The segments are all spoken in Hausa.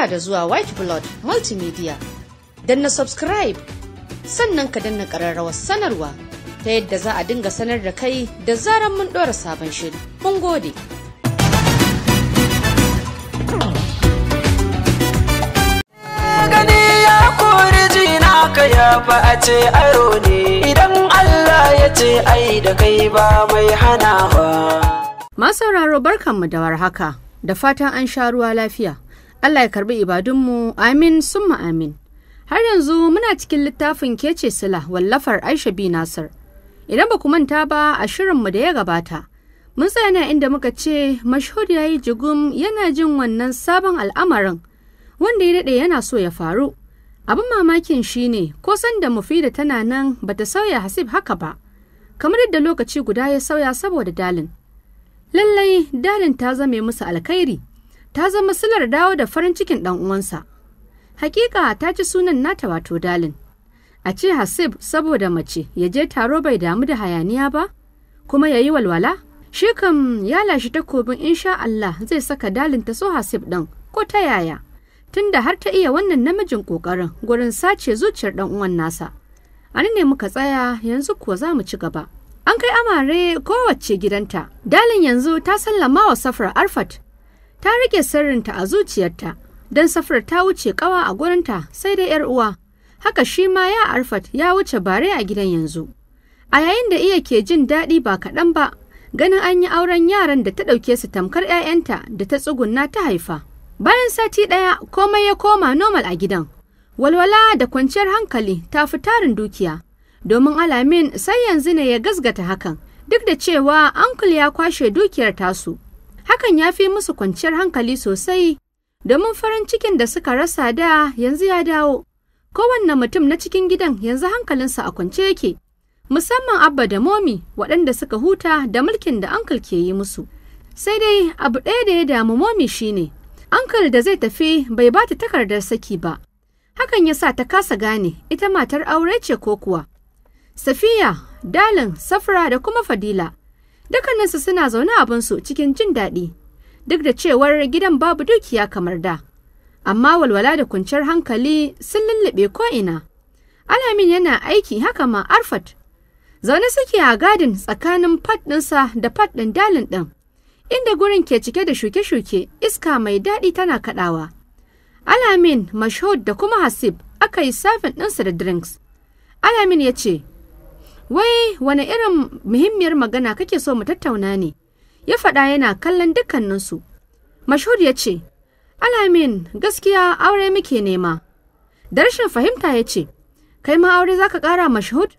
Barka da zuwa White Blood Multimedia. Danna subscribe sannan ka danna ƙararrawar sanarwa ta yadda za a dinga sanar da kai da zaran mun ɗora sabon shiri. Mun gode. Gani ya kori jina ka aro ne idan Allah ya ce ai da kai ba mai hanawa. Masauraro barkanmu da warhaka da fatan an sha ruwa lafiya. Allah ya karbi ibadunmu amin summa amin. Har yanzu muna cikin littafin kece sila wallafar Aisha bi Nasir. Idan ba ku manta ba a shirinmu da ya gabata. Mun tsaya inda muka ce mashhur ya yi jigum yana jin wannan sabon al'amarin wanda ya daɗe yana so ya faru. Abin mamakin shi ne ko sanda da tana nan ba bata sauya hasib haka ba. Kamar yadda lokaci guda ya sauya saboda dalin. Lallai dalin ta zame musu alkhairi. ta zama silar dawo da farin cikin ɗan uwansa. Hakika ta ci sunan nata wato dalin. A ce Hasib saboda mace ya je taro bai damu da hayaniya ba, kuma ya yi walwala? Shi kam ya lashe takobin insha Allah zai saka dalin ta so Hasib ɗin ko ta yaya, tunda har ta iya wannan namijin ƙoƙarin gurin sace zuciyar ɗan uwan nasa. An ne muka tsaya yanzu kuwa za mu ci gaba. An kai amare kowace gidanta. Dalin yanzu ta sallama wa safar Arfat ta rike sirrinta a zuciyarta don safar ta wuce kawa a gurinta sai dai yar uwa haka shi ma ya arfat ya wuce bare a gidan yanzu a yayin da iya ke jin daɗi ba kaɗan ba ganin an yi auren yaran da ta ɗauke su tamkar 'ya'yanta da ta tsugunna ta haifa bayan sati ɗaya komai ya koma normal a gidan walwala da kwanciyar hankali ta fi tarin dukiya domin alamin sai yanzu ne ya gasgata hakan duk da cewa ankul ya kwashe dukiyar tasu Hakan ya fi musu kwanciyar hankali sosai, domin farin cikin da suka rasa da yanzu ya dawo. Kowanne mutum na cikin gidan yanzu hankalinsa a kwance yake, musamman Abba da Momi waɗanda suka huta da mulkin da Ankal ke yi musu. Sai dai abu ɗaya da ya damu Momi shine, Ankal da zai tafi bai ba ta takardar saki ba. Hakan ya sa ta kasa gane ita matar aure ce ko kuwa. Safiya, Dalin, Safra da kuma Fadila Dukkaninsu suna zaune abinsu cikin jin daɗi, duk da cewar gidan babu dukiya kamar da. Amma walwala da kwanciyar hankali sun lullube ko'ina. Alamin yana aiki haka ma Arfat. Zaune suke a gadin tsakanin fat ɗinsa da fat ɗin dalin ɗin, inda gurin ke cike da shuke-shuke iska mai daɗi tana kaɗawa. Alamin, Mashhud da kuma Hasib aka yi safin ɗinsa da drinks. Alamin ya ce, Wai, Wani irin muhimmiyar magana kake so mu tattauna ne? Ya faɗa yana kallon dukkaninsu. Mashhur ya ce, Alamin, gaskiya aure muke nema. Da rashin fahimta ya ce, Kai ma aure za ka ƙara mashhud?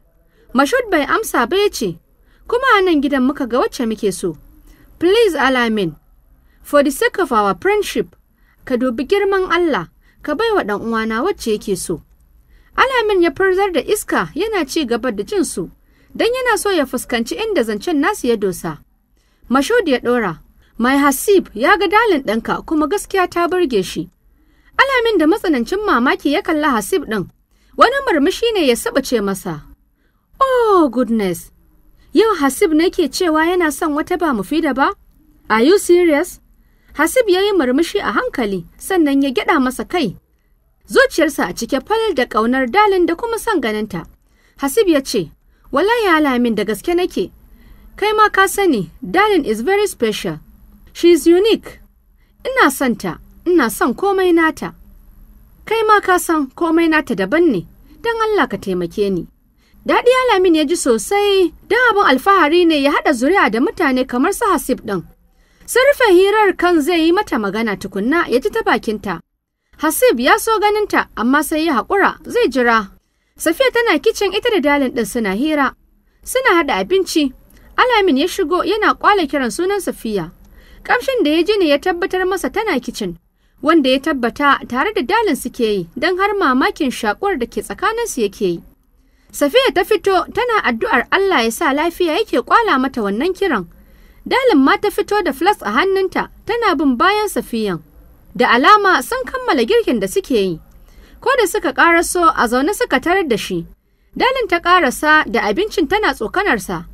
Mashhud bai amsa ba ya ce, Kuma a nan gidan muka ga wacce muke so. Please, Alamin, for the sake of our friendship, ka dubi girman Allah, ka bai wa uwana wacce yake so. Alamin ya farzar da iska yana ci gaba da jinsu. su. don yana so ya fuskanci inda zancen nasu ya dosa. Mashud ya ɗora, Mai Hasib ya ga dalin ɗanka kuma gaskiya ta burge shi. Alamin da matsanancin mamaki ya kalla Hasib ɗin, wani murmushi ne ya sabace masa. Oh goodness! Yau Hasib ne ke cewa yana son wata ba mu da ba? Are you serious? Hasib ya yi murmushi a hankali sannan ya gyada masa kai. Zuciyarsa a cike fal da ƙaunar dalin da kuma son ganinta. Hasib ya ce, wallahi alamin da gaske nake kai ma ka sani darling is very special she is unique ina son ina son komai nata kai ma ka san komai nata daban ne don Allah ka taimake ni daɗi alamin ya ji sosai don abin alfahari ne ya haɗa zuri'a da mutane kamar su hasib ɗin sun rufe hirar kan zai yi mata magana tukunna ya ji ta bakinta hasib ya so ganinta amma sai ya haƙura zai jira Safiya tana kicin ita da dalin ɗin suna hira. Suna haɗa abinci. Alamin ya shigo yana kwala kiran sunan Safiya. Kamshin da ya ji ne ya tabbatar masa tana kicin. Wanda ya tabbata tare da dalin suke yi don har mamakin shakuwar da ke tsakaninsu yake yi. Safiya ta fito tana addu'ar Allah ya sa lafiya yake kwala mata wannan kiran. Dalin ma ta fito da flas a hannunta tana bin bayan Safiyan. Da alama sun kammala girkin da suke yi. ko da suka ƙaraso a zaune suka tarar da shi. Dalin ta ƙarasa da abincin tana tsokanarsa.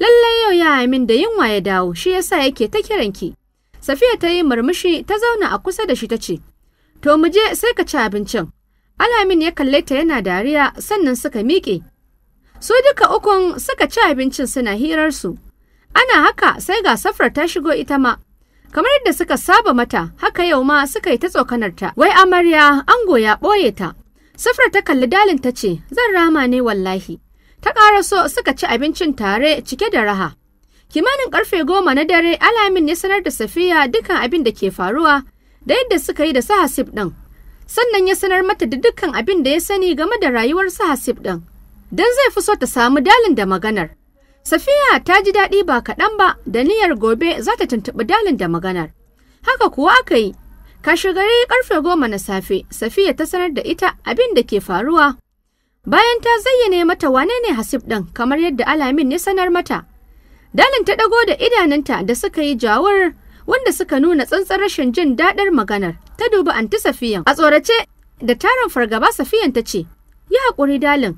Lallai yau ya min da yunwa ya dawo shi ya sa yake ta kiranki. Safiya ta yi murmushi ta zauna a kusa da shi ta ce, To mu je sai ka ci abincin. Alamin ya kalle ta yana dariya sannan suka miƙe. Su duka ukun suka ci abincin suna hirarsu. Ana haka sai ga safar ta shigo ita ma. kamar yadda suka saba mata haka yau ma suka yi ta tsokanarta wai amarya ango ya ɓoye ta safra ta kalli dalin ta ce zan rama ne wallahi ta ƙara so suka ci abincin tare cike da raha kimanin ƙarfe goma na dare alamin ya sanar da safiya dukkan abin da ke faruwa da yadda suka yi da su hasib ɗin sannan ya sanar mata da dukkan abin da ya sani game da rayuwar su hasib ɗin don zai fi so ta samu dalin da maganar Safiya ta ji daɗi ba kaɗan ba da niyyar gobe za ta tuntuɓi dalin da maganar. Haka kuwa aka yi, gari karfe goma na safe, Safiya ta sanar da ita abin da ke faruwa. Bayan ta zayyane mata wane ne Hasib ɗin kamar yadda Alamin ne sanar mata. Dalin ta ɗago da idanunta da suka yi jawar wanda suka nuna tsantsar rashin jin daɗar maganar. Ta dubi anti Safiyan a tsorace da tarin fargaba Safiyan ta ce, "Yi haƙuri dalin,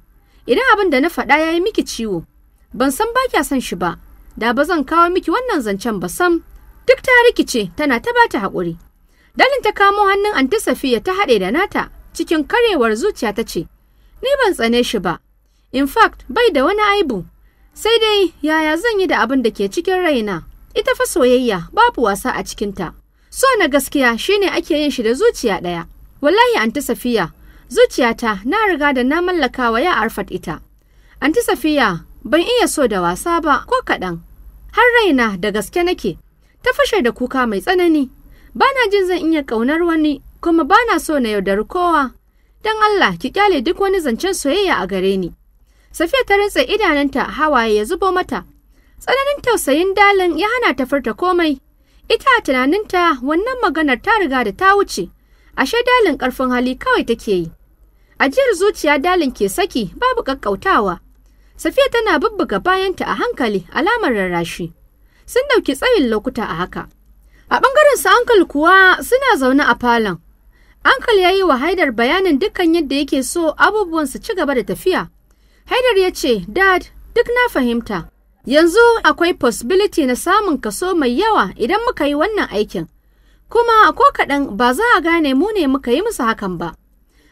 idan abin da na faɗa ya yi miki ciwo, ban san ba kya son shi ba da ba zan kawo miki wannan zancen ba sam duk ta rikice tana ta bata haƙuri dalin ta kamo hannun anti safiya ta haɗe da nata cikin karewar zuciya ta ce ni ban tsane shi ba in fact bai da wani aibu sai dai yaya zan yi da abin da ke cikin raina ita fa soyayya babu wasa a cikinta so na gaskiya shine ake yin shi da zuciya ɗaya wallahi anti safiya zuciyata na riga da na mallaka wa ya arfat ita anti safiya ban iya so da wasa ba ko kaɗan. Har raina da gaske nake, ta fashe da kuka mai tsanani, bana jin zan iya ƙaunar wani kuma bana so na yaudari kowa. Don Allah ki kyale duk wani zancen soyayya a gare ni. Safiya ta rantsa idananta hawaye ya zubo mata. Tsananin tausayin dalin ya hana ta farta komai. Ita a tunaninta wannan maganar ta riga da ta wuce. Ashe dalin ƙarfin hali kawai take yi. Ajiyar zuciya dalin ke saki babu ƙaƙƙautawa. Safiya tana bubbuga bayanta a hankali alamar rarrashi. Sun ɗauki tsayin lokuta a haka. A ɓangaren su ankal kuwa suna zaune a falon. Ankal ya yi wa Haidar bayanin dukkan yadda yake so abubuwan su ci gaba da tafiya. Haidar ya ce, Dad, duk na fahimta. Yanzu akwai possibility na samun kaso mai yawa idan muka yi wannan aikin. Kuma ko kaɗan ba za a gane mu ne muka yi musu hakan ba.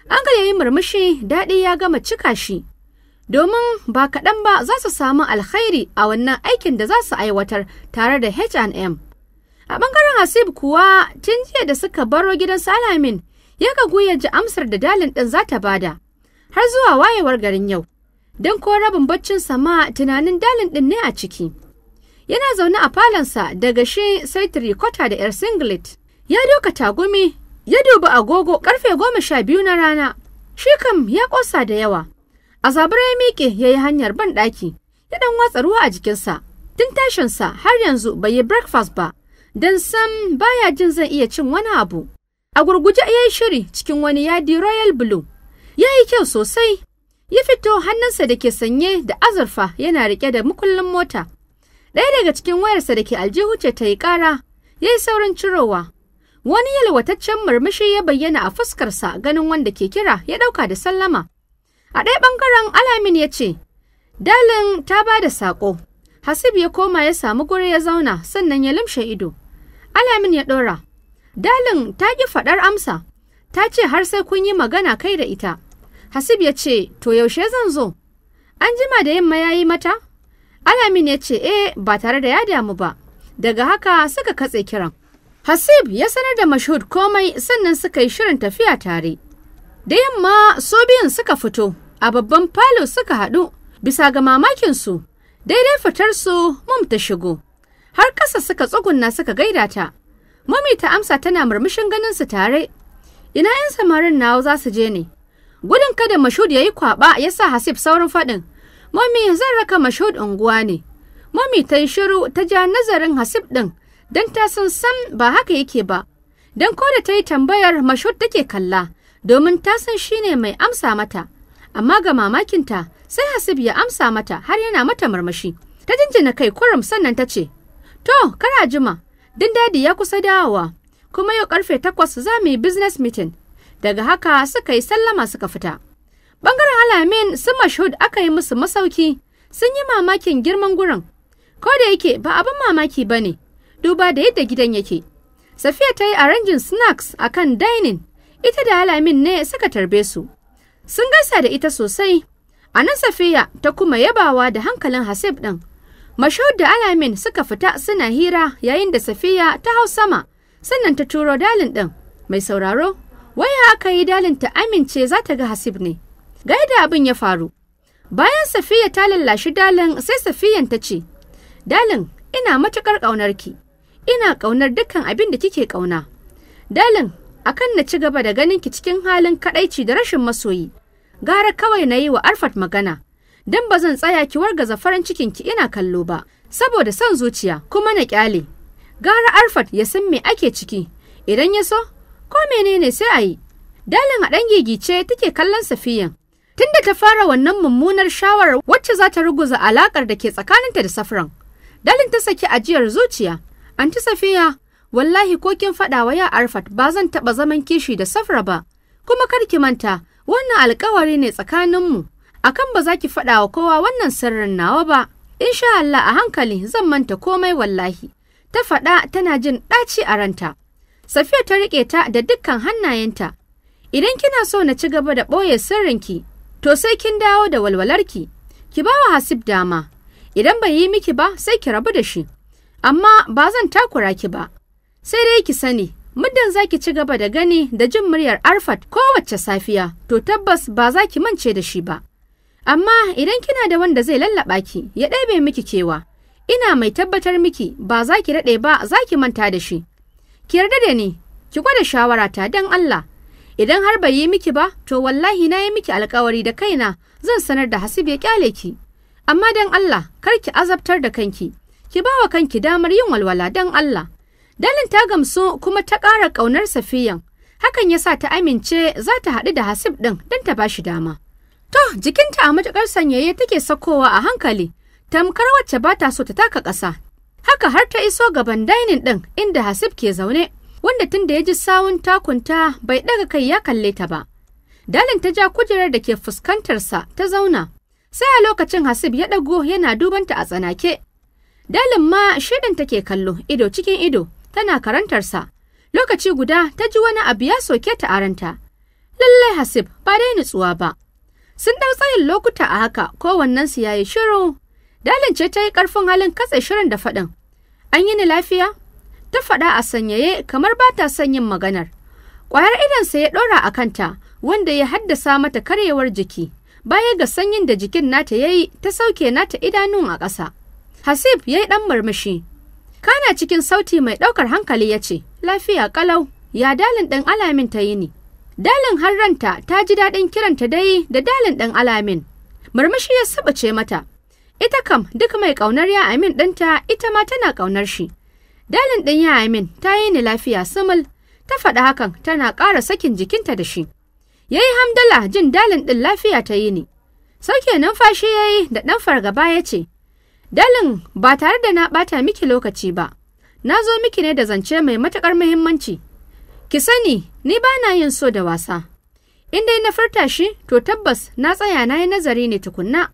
Ankal ya yi murmushi daɗi ya gama cika shi. domin ba kaɗan ba za su samu alkhairi a wannan aikin da za su aiwatar tare da H&M. A ɓangaren Hasib kuwa tun jiya da suka baro gidan Salamin ya ga ya ji amsar da dalin ɗin za ta bada har zuwa wayewar garin yau. Don ko rabin baccin sama tunanin dalin ɗin ne a ciki. Yana zaune a falonsa daga shi sai tirikota da 'yar singlet. Ya doka tagumi ya dubi agogo karfe goma sha biyu na rana. Shi kam ya ƙosa da yawa. A zabura ya miƙe ya yi hanyar ban ɗaki, ya ɗan watsa ruwa a jikinsa. Tun tashinsa har yanzu bai yi breakfast ba, don sam baya jin zai iya cin wani abu. A gurguje ya yi shiri cikin wani yadi Royal Blue. Ya yi kyau sosai, ya fito hannunsa da ke sanye da azurfa yana riƙe da mukullin mota. Ɗaya daga cikin wayarsa da ke aljihu ce ta yi ƙara, ya yi saurin cirowa. Wani yalwataccen murmushi ya bayyana a fuskarsa ganin wanda ke kira ya ɗauka da sallama. A ɗaya ɓangaren Alamin ya ce, Dalin ta ba da saƙo. Hasib ya koma ya samu guri ya zauna sannan ya limshe ido. Alamin ya ɗora. Dalin ta ƙi faɗar amsa, ta ce har sai kun yi magana kai da ita. Hasib ya ce, To yaushe zan zo? An jima da yamma ya yi mata? Alamin ya ce, E, ba tare da ya damu ba. Daga haka suka katse kiran. Hasib ya sanar da Mashud komai sannan suka yi shirin tafiya tare. Da yamma su biyun suka fito. a babban falo suka haɗu bisa ga mamakinsu daidai fitarsu mum ta shigo har ƙasa suka tsugunna suka gaida ta mummy ta amsa tana murmushin ganin su tare ina yan samarin nawa za su je ne gudun kada mashud ya yi kwaba ya sa hasib saurin faɗin mummy zan raka mashud unguwa ne mummy ta yi shiru ta ja nazarin hasib ɗin don ta san san ba haka yake ba don ko da ta yi tambayar mashud take kalla domin ta san shine mai amsa mata amma ga mamakinta sai Hasib ya amsa mata har yana mata marmashi. Ta jinjina kai kurum sannan ta ce, To, kara jima, din dadi ya kusa dawowa, kuma yau karfe takwas za mu yi business meeting. Daga haka suka yi sallama suka fita. Bangaren alamin su mashhud aka yi musu masauki, sun yi mamakin girman gurin. Ko da yake ba abin mamaki ba ne, duba da yadda gidan yake. Safiya ta yi arranging snacks akan dining, ita da alamin ne suka tarbe su. Sun gaisa da ita sosai. A nan Safiya ta kuma yabawa da hankalin Hasib ɗin. Mashaud da Alamin suka fita suna hira yayin da Safiya ta hau sama, sannan ta turo dalin ɗin. Mai sauraro, waya aka yi dalin ta amince za ta ga Hasib ne. gaida abin ya faru. Bayan Safiya ta lallashi dalin sai Safiyan ta ce, Dalin, ina matuƙar ki ina ƙaunar dukkan abin da kike ƙauna. Dalin, akan na ci gaba da ganin ki cikin halin kaɗaici da rashin masoyi. gara kawai na yi wa Arfat magana, don ba zan tsaya ki wargaza farin cikinki ina kallo ba, saboda son zuciya kuma na ƙyale. Gara Arfat ya san me ake ciki, idan ya so, ko menene sai a yi. Dalin a ɗan gigice take kallon Safiyan. Tunda ta fara wannan mummunar shawarar wacce za ta ruguza alaƙar da ke tsakaninta da Safran. Dalin ta saki ajiyar zuciya. Anti Safiya, wallahi ko kin faɗa wa ya Arfat ba zan taɓa zaman kishi da Safra ba. Kuma kar ki manta, wannan alkawari ne tsakaninmu akan ba za ki faɗa wa kowa wannan sirrin nawa ba insha Allah a hankali zan manta komai wallahi ta faɗa tana jin ɗaci a ranta safiya ta riƙe ta da dukkan hannayenta idan kina so na ci gaba da ɓoye sirrinki to sai kin dawo da walwalarki ki ba wa hasib dama idan bai yi miki ba sai ki rabu da shi amma ba zan takura ki ba sai dai ki sani Muddin za ki ci gaba da gani da jin muryar Arfat kowace safiya, to tabbas ba za ki mance da shi ba. Amma idan kina da wanda zai lallaɓa ki, ya ɗebe miki kewa, ina mai tabbatar miki ba za ki daɗe ba za ki manta da shi. Ki yarda da ni, ki gwada shawara ta dan Allah. Idan har bai yi miki ba, to wallahi na yi miki alkawari da kaina zan sanar da Hasib ya kyale ki. Amma dan Allah, kar ki azabtar da kanki, ki ba wa kanki damar yin walwala dan Allah. Dalin ta gamsu kuma ta ƙara ƙaunar Safiyan, hakan ya sa ta amince za ta haɗu da Hasib ɗin don ta bashi dama. To, jikinta a matuƙar sanyaye take sakowa a hankali, tamkar wacce ba ta so ta taka ƙasa. Haka har ta iso gaban dainin ɗin inda Hasib ke zaune, wanda tun da ya ji sawun takunta bai ɗaga kai ya kalle ta ba. Dalin ta ja kujerar da ke fuskantarsa ta zauna, sai a lokacin Hasib ya ɗago yana dubanta a tsanake. Dalin ma shirin take kallo ido cikin ido tana karantarsa. Lokaci guda ta ji wani abu ya soke ta aranta. Lallai Hasib ba dai nutsuwa ba. Sun dau tsayin lokuta a haka kowannensu ya yi shiru. Dalin ce ta yi ƙarfin halin katse shirin da faɗin. An yi ni lafiya? Ta faɗa a sanyaye kamar ba ta son yin maganar. Ƙwayar idonsa ya ɗora a kanta wanda ya haddasa mata karyewar jiki. Baya ga sanyin da jikin nata ya yi ta sauke nata idanun a ƙasa. Hasib ya yi ɗan murmushi. Kana cikin sauti mai ɗaukar hankali ya ce, Lafiya ƙalau, ya dalin ɗan alamin ta yi ni. Dalin har ranta ta ji daɗin kiranta dai da dalin ɗan alamin. Murmushi ya sabace mata. Ita kam duk mai ƙaunar ya amin ɗanta ita ma tana ƙaunar shi. Dalin ɗin ya amin ta yi ni lafiya sumul, ta faɗi hakan tana ƙara sakin jikinta da shi. Ya yi hamdala jin dalin ɗin lafiya ta yi ni. Sauke numfashi ya yi da ɗan fargaba ya ce, Dalin ba tare da na ɓata miki lokaci ba, na zo miki ne da zance mai matuƙar muhimmanci. Ki sani, ni ba na yin so da wasa. In dai na furta shi, to tabbas na tsaya na yi nazari ne tukunna.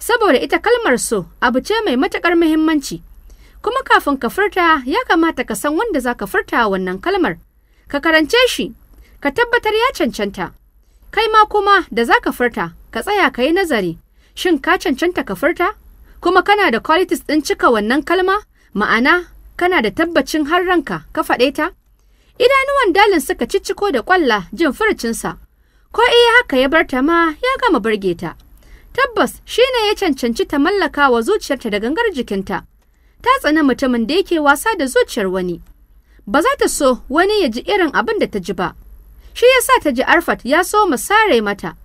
Saboda ita kalmar so abu ce mai matuƙar muhimmanci. Kuma kafin ka furta ya kamata ka san wanda za ka furta wannan kalmar. Ka karance shi, ka tabbatar ya cancanta. Kai ma kuma da za ka furta, ka tsaya ka yi nazari. Shin ka cancanta ka furta? kuma kana da qualities ɗin cika wannan kalma ma'ana kana da tabbacin har ranka ka faɗe ta idanuwan dalin suka cicciko da ƙwalla jin furucinsa ko iya eh haka ya bar ta ma ya gama burge ta tabbas shine ya cancanci ta mallaka wa zuciyarta da gangar jikinta ta tsana mutumin da yake wasa da zuciyar wani ba za ta so wani ya ji irin abin da ta ji ba shi ya sa ta ji arfat ya so mu sare mata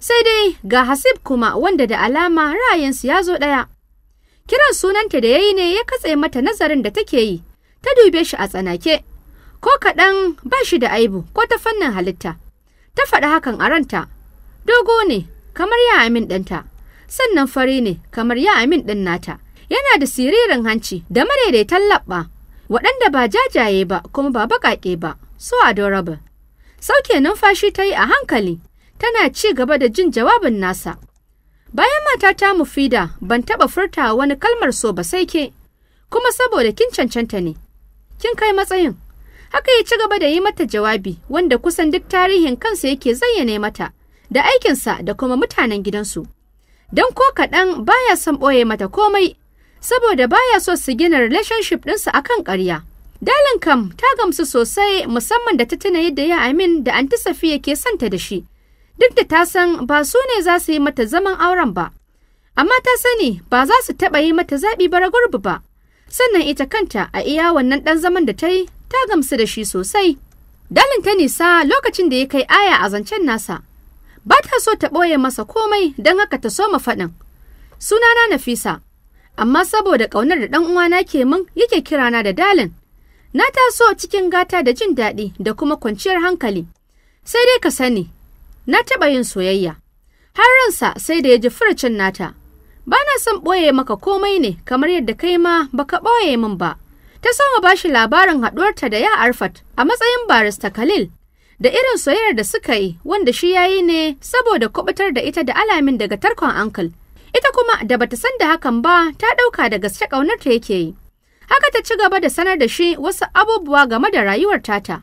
Sai dai ga Hasib kuma wanda da alama ra'ayinsu ya zo ɗaya. Kiran sunanta da ya yi ne ya katse mata nazarin da take yi, ta dube shi a tsanake. Ko kaɗan ba shi da aibu ko ta fannin halitta. Ta faɗi hakan a ranta. Dogo ne kamar ya amin ɗanta, sannan fari ne kamar ya amin ɗin nata. Yana da siririn hanci da madaidaitan laɓɓa, waɗanda ba jajaye ba kuma ba baƙaƙe ba, so adorable. Sauke numfashi ta yi a hankali. tana ci gaba da jin jawabin nasa. Bayan matata Mufida ban taɓa furta wani kalmar so ba sai ke, kuma saboda kin cancanta ne, kin kai matsayin. Haka ya ci gaba da yi mata jawabi wanda kusan duk tarihin kansa yake zayyane mata da aikinsa da kuma mutanen gidansu. Don ko kaɗan baya son ɓoye mata komai, saboda baya so su gina relationship ɗinsu kan ƙarya. Dalin kam ta gamsu sosai musamman da ta tuna yadda ya Amin da Anti Safiya ke santa da shi. duk da ta san ba su ne za su yi mata zaman auren ba, amma ta sani ba za su taɓa yi mata zaɓi bara gurbi ba, sannan ita kanta a iya wannan ɗan zaman da ta yi ta gamsu da shi sosai. Dalin ta nisa lokacin da ya kai aya a zancen nasa, ba ta so ta ɓoye masa komai don haka ta soma faɗin. Sunana Nafisa, amma saboda ƙaunar da ɗan uwana ke min yake kirana da dalin. Na taso cikin gata da jin daɗi da kuma kwanciyar hankali. Sai dai ka sani, na taɓa yin soyayya. Har ransa sai da ya ji furacin nata. Ba na son ɓoye maka komai ne kamar yadda kai ma baka ɓoye min ba. Ta sama ba shi labarin haɗuwarta da ya Arfat a matsayin barista Khalil da irin soyayyar da suka yi wanda shi ya yi ne saboda kubutar da ita da alamin daga tarkon ankle. Ita kuma da bata san da hakan ba ta ɗauka da gaske ƙaunarta yake yi. Haka ta ci gaba da sanar da shi wasu abubuwa game da rayuwar tata.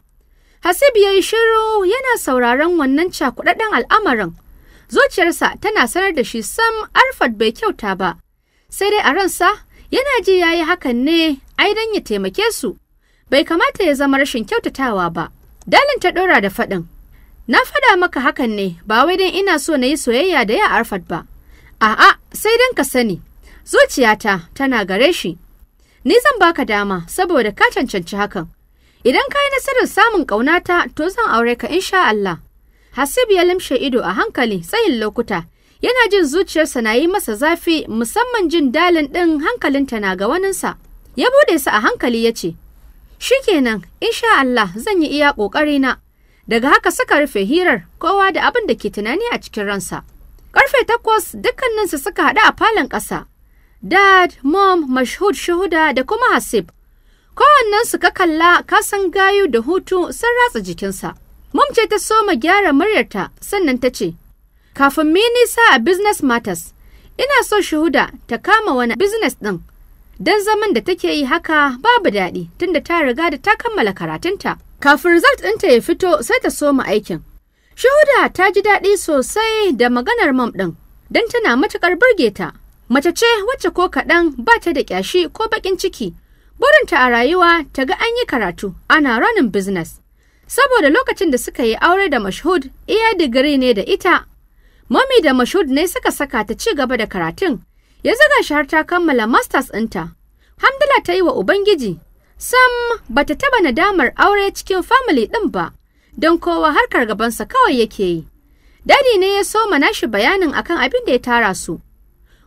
Hasib ya yi shiru yana sauraron wannan cakudaden al'amarin. Zuciyarsa tana sanar da shi sam Arfat bai kyauta ba, sai dai a ransa yana ji ya yi hakan ne ai don ya taimake su. Bai kamata ya zama rashin kyautatawa ba. Dalin ta ɗora da faɗin. Na faɗa maka hakan ne ba wai don ina so na yi soyayya da ya Arfat ba. A'a sai don ka sani. Zuciyata tana gare shi. Ni zan baka dama saboda ka cancanci hakan. Idan ka yi nasarar samun ƙaunata to zan aure ka insha Allah. Hasib ya limshe ido a hankali tsayin lokuta. Yana jin zuciyarsa na yi masa zafi musamman jin dalin ɗin hankalinta na ga waninsa. Ya bude su a hankali ya ce, Shikenan, insha Allah zan yi iya ƙoƙarina. Daga haka suka rufe hirar kowa da abin da ke tunani a cikin ransa. Ƙarfe takwas dukkaninsu suka haɗu a falon ƙasa. Dad, Mom, Mashhud, Shuhuda da kuma Hasib kowannen suka kalla kasan gayu da hutu sun ratsa jikinsa. Mum ce ta soma gyara muryarta sannan ta ce, Kafin mi nisa a business matters, ina so shuhuda ta kama wani business ɗin. Don zaman da take yi haka babu daɗi tunda ta riga da ta kammala karatunta. Kafin result ɗinta ya fito sai ta soma aikin. Shuhuda ta ji daɗi sosai da maganar mom ɗin, don tana matuƙar burge ta. Mace ce wacce ko kaɗan ba ta da ƙyashi ko baƙin ciki, Burinta a rayuwa ta ga an yi karatu ana ranin business. Saboda lokacin da suka yi aure da Mashhud iya digiri ne da ita. Mami da Mashhud ne suka saka ta ci gaba da karatun. Ya zaga shahar ta kammala masters ɗinta. Hamdala ta yi wa Ubangiji. Sam bata taba nadamar aure cikin family ɗin ba. Don kowa harkar gabansa kawai yake yi. Dadi ne ya soma nashi bayanin akan abin da ya tara su.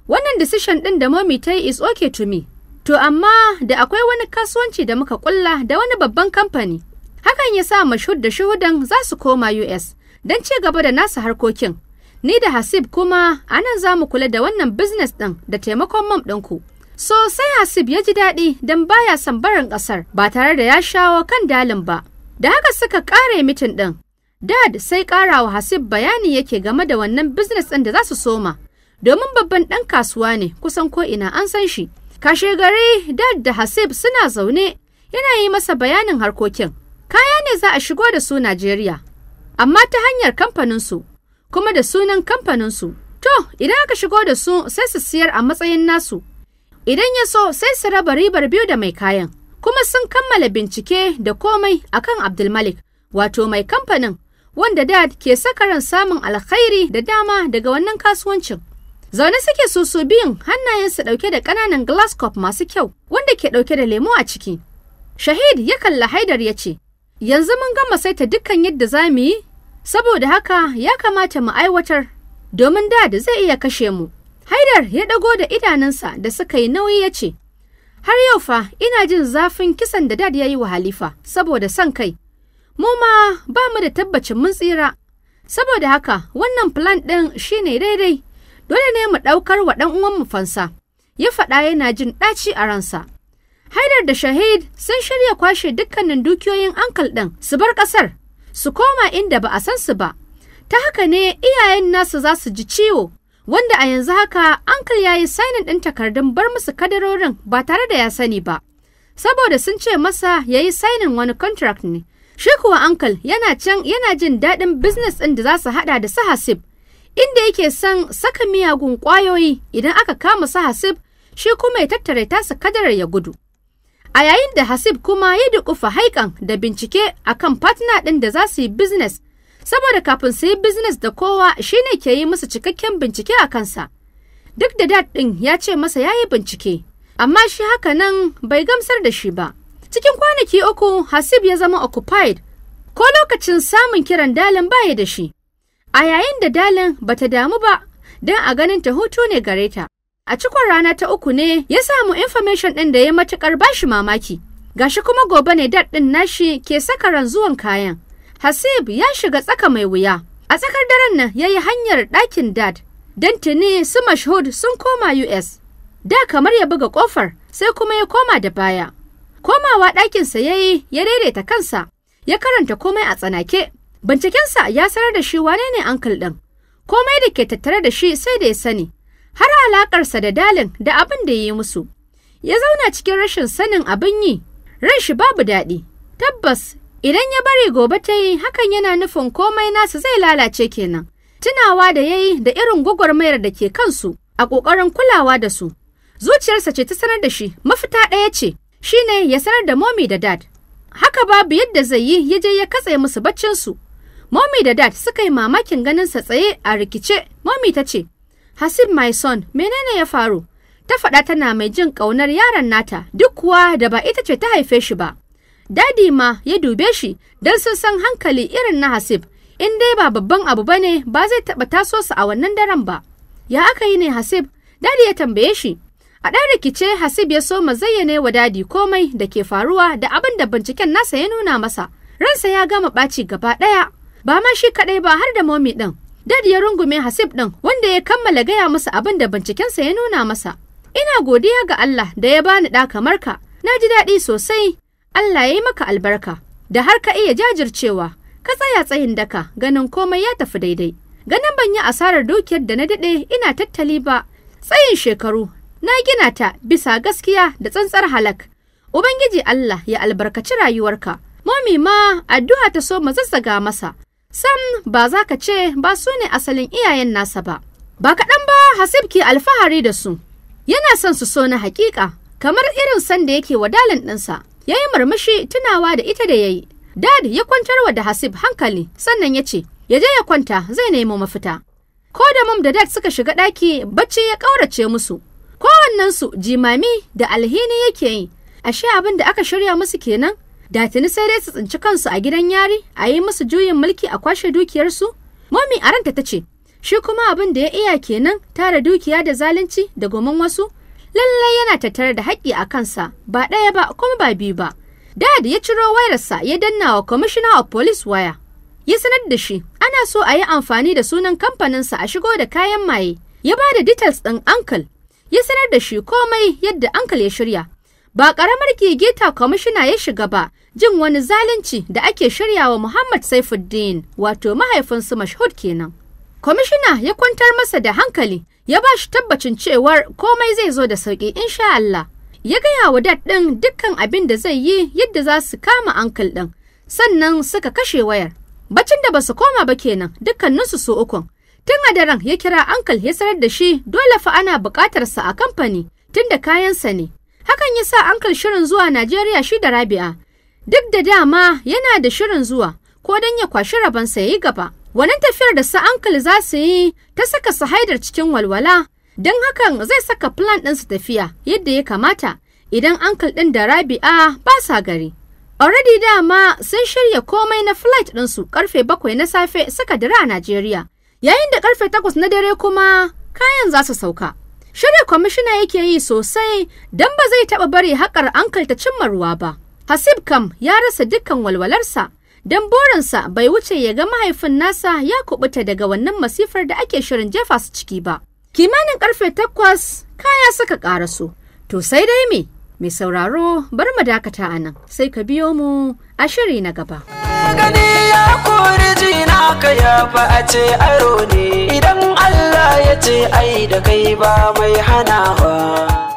Wannan decision ɗin da Mami ta yi is okay to me. To amma da akwai wani kasuwanci da muka kulla da wani babban kamfani. Hakan ya sa mashud da shuhudan za su koma US don ci gaba da nasu harkokin. Ni da Hasib kuma a nan za mu kula da wannan biznes ɗin da taimakon mam ɗinku. So sai Hasib ya ji daɗi don baya son barin ƙasar ba tare da ya shawo kan dalin ba. Da haka suka ƙare mitin ɗin. Dad sai ƙarawa wa Hasib bayani yake game da wannan biznes ɗin da za su soma. Domin babban ɗan kasuwa ne kusan ko ina an san shi. Kashe gari Dad da Hasib suna zaune yana yi masa bayanin harkokin. Kaya ne za a shigo da su Najeriya, amma ta hanyar kamfaninsu, kuma da sunan kamfaninsu. To, idan aka shigo da su sai su siyar a matsayin nasu. Idan ya so sai su raba ribar biyu da mai kayan, kuma sun kammala bincike da komai akan Abdulmalik, wato mai kamfanin, wanda Dad ke sakaran samun alkhairi da dama daga wannan kasuwancin. Zaune suke susu biyun hannayensu ɗauke da ƙananan glass masu kyau wanda ke ɗauke da lemo a ciki. Shahid ya kalla Haidar ya ce, Yanzu mun gama saita dukkan yadda za mu yi, saboda haka ya kamata mu aiwatar domin da da zai iya kashe mu. Haidar ya ɗago da idanunsa da suka yi nauyi ya ce, Har yau fa ina jin zafin kisan da dad ya yi wa Halifa saboda son kai. Mu ma ba mu da tabbacin mun tsira. Saboda haka wannan plan ɗin shine daidai dole ne mu ɗaukar wa ɗan uwanmu fansa, ya faɗa yana jin ɗaci a ransa. Haidar da Shahid sun shirya kwashe dukkanin dukiyoyin ankal ɗin su bar ƙasar, su koma inda ba a san su ba. Ta haka ne iyayen nasu za su ji ciwo, wanda a yanzu haka ankal ya yi sainin ɗin takardun bar musu kadarorin ba tare da ya sani ba. Saboda sun ce masa ya yi sainin wani contract ne. Shi kuwa ankal yana can yana jin daɗin business ɗin da za su haɗa da su Hasib. inda yake son saka miyagun ƙwayoyi idan aka kama su Hasib shi kuma ya tattare tasa kadarar ya gudu. A yayin da Hasib kuma ya dukufa haikan da bincike akan partner ɗin da za su yi business saboda kafin su yi business da kowa shine ke yi musu cikakken bincike a kansa. Duk da dad ɗin ya ce masa ya yi bincike, amma shi haka nan bai gamsar da shi ba. Cikin kwanaki uku Hasib ya zama occupied ko lokacin samun kiran dalin baya da shi. A yayin da Dalin bata damu ba, don a ganin ta hutu ne gare ta. A cikon rana ta uku ne ya samu information ɗin da ya matuƙar bashi mamaki. Gashi kuma gobe ne dad ɗin nashi ke saka ran zuwan kayan. Hasib ya shiga tsaka mai wuya. A tsakar daren nan ya yi hanyar ɗakin dad. Don tuni su mashhud sun koma US. Da kamar ya buga ƙofar sai kuma ya koma da baya. Komawa ɗakinsa ya yi ya daidaita kansa. Ya karanta komai a tsanake. Bincikensa ya sanar da shi wane ne ɗin, komai da ke tattare da shi sai da ya sani, har alaƙarsa da dalin da abin da ya yi musu. Ya zauna cikin rashin sanin abin yi, ran shi babu daɗi. Tabbas, idan ya bari gobe ta yi hakan yana nufin komai nasu zai lalace kenan. Tunawa da ya yi da irin gwagwarmayar da ke kansu a ƙoƙarin kulawa da su. Zuciyarsa ce ta sanar da shi mafita ɗaya ce, shine ya sanar da momi da dad. Haka babu yadda zai yi ya je ya katse musu baccinsu. Mommy da Dad suka yi mamakin ganin sa tsaye a rikice. Mommy ta ce, Hasib my son, menene ya faru? Ta faɗa tana mai jin ƙaunar yaron nata, duk kuwa da ba ita ce ta haife shi ba. Dadi ma ya dube shi don sun san hankali irin na Hasib, in dai ba babban abu ba ne ba zai taɓa taso su a wannan daren ba. Ya aka yi ne Hasib? Dadi ya tambaye shi. A ɗan rikice Hasib ya so zayyane wa dadi komai da ke faruwa da abin da binciken nasa ya nuna masa. Ransa ya gama ɓaci gaba ɗaya. ba ma shi kaɗai ba har da momi ɗin. Dad ya rungume Hasib ɗin wanda ya kammala gaya masa abin da bincikensa ya nuna masa. Ina godiya ga Allah da ya bani ɗa kamar ka, na ji daɗi sosai, Allah ya yi maka albarka, da har ka iya jajircewa, ka tsaya tsayin daka ganin komai ya tafi daidai. Ganin ban yi asarar dukiyar da na daɗe ina tattali ba, tsayin shekaru na gina ta bisa gaskiya da tsantsar halak. Ubangiji Allah ya albarkaci rayuwarka. Momi ma addu'a ta so zazzaga masa, Sam ba za ka ce ba su ne asalin iyayen nasa ba. Ba kaɗan ba Hasib ke alfahari da su. Yana son su so na haƙiƙa. kamar irin san da yake wadalan ɗinsa. Ya yi murmushi tunawa da ita da ya yi. Dad ya kwantar wa da Hasib hankali, sannan ya ce, ya je ya kwanta zai nemo mafita. Ko da mum da dad suka shiga ɗaki bacci ya ƙaurace musu. Kowannensu jimami da alhini yake yi, ashe abin da aka shirya musu kenan da tuni sai dai su tsinci kansu a gidan yari a yi musu juyin mulki a kwashe dukiyarsu momi a ta ce shi kuma abin da ya iya kenan tara dukiya da zalunci da goman wasu lallai yana tattare da haƙƙi a kansa ba ɗaya ba kuma ba biyu ba dad ya ciro wayarsa ya danna wa commissioner of police waya ya sanar da shi ana so a yi amfani da sunan kamfaninsa a shigo da kayan maye ya ba da details ɗin uncle ya sanar da shi komai yadda uncle ya shirya ba ƙaramar gigita kwamishina ya shiga ba jin wani zalunci da ake shiryawa Muhammad Saifuddin wato mahaifinsu mashhud kenan. Kwamishina ya kwantar masa da hankali ya ba shi tabbacin cewar komai zai zo da sauƙi insha Allah. Ya gaya wa dad ɗin dukkan abin da zai yi yadda za su kama ankal ɗin sannan suka kashe wayar. Bacin da ba su koma ba kenan dukkaninsu su ukun. Tun a daren ya kira ankal ya sanar da shi dole fa ana sa a kamfani tun da kayansa ne. Hakan ya sa ankal shirin zuwa Najeriya shi da Rabi'a Duk da dama yana da shirin zuwa, ko don ya kwashi rabonsa ya yi gaba. Wannan tafiyar da su ankal za su yi ta saka su haidar cikin walwala, don hakan zai saka plan ɗin su tafiya yadda ya kamata idan ankal ɗin da Rabi'a ba sa gari. Already dama sun shirya komai na flight ɗinsu karfe bakwai na safe suka dira a Najeriya, yayin da karfe takwas na dare kuma kayan za su sauka. Shirya kwamishina yake yi sosai don ba zai taɓa bari haƙar ankal ta cimma ruwa ba. Hasib kam ya rasa dukkan walwalarsa don borinsa bai wuce ya ga mahaifin nasa ya kubuta daga wannan masifar da ake shirin jefa su ciki ba. Kimanin karfe takwas kaya suka karaso. To sai dai me? Mai sauraro bar mu dakata a nan sai ka biyo mu a shiri na gaba. Gani ya kori jina ka ya fa a ce aro ne idan Allah ya ce ai da kai ba mai ba.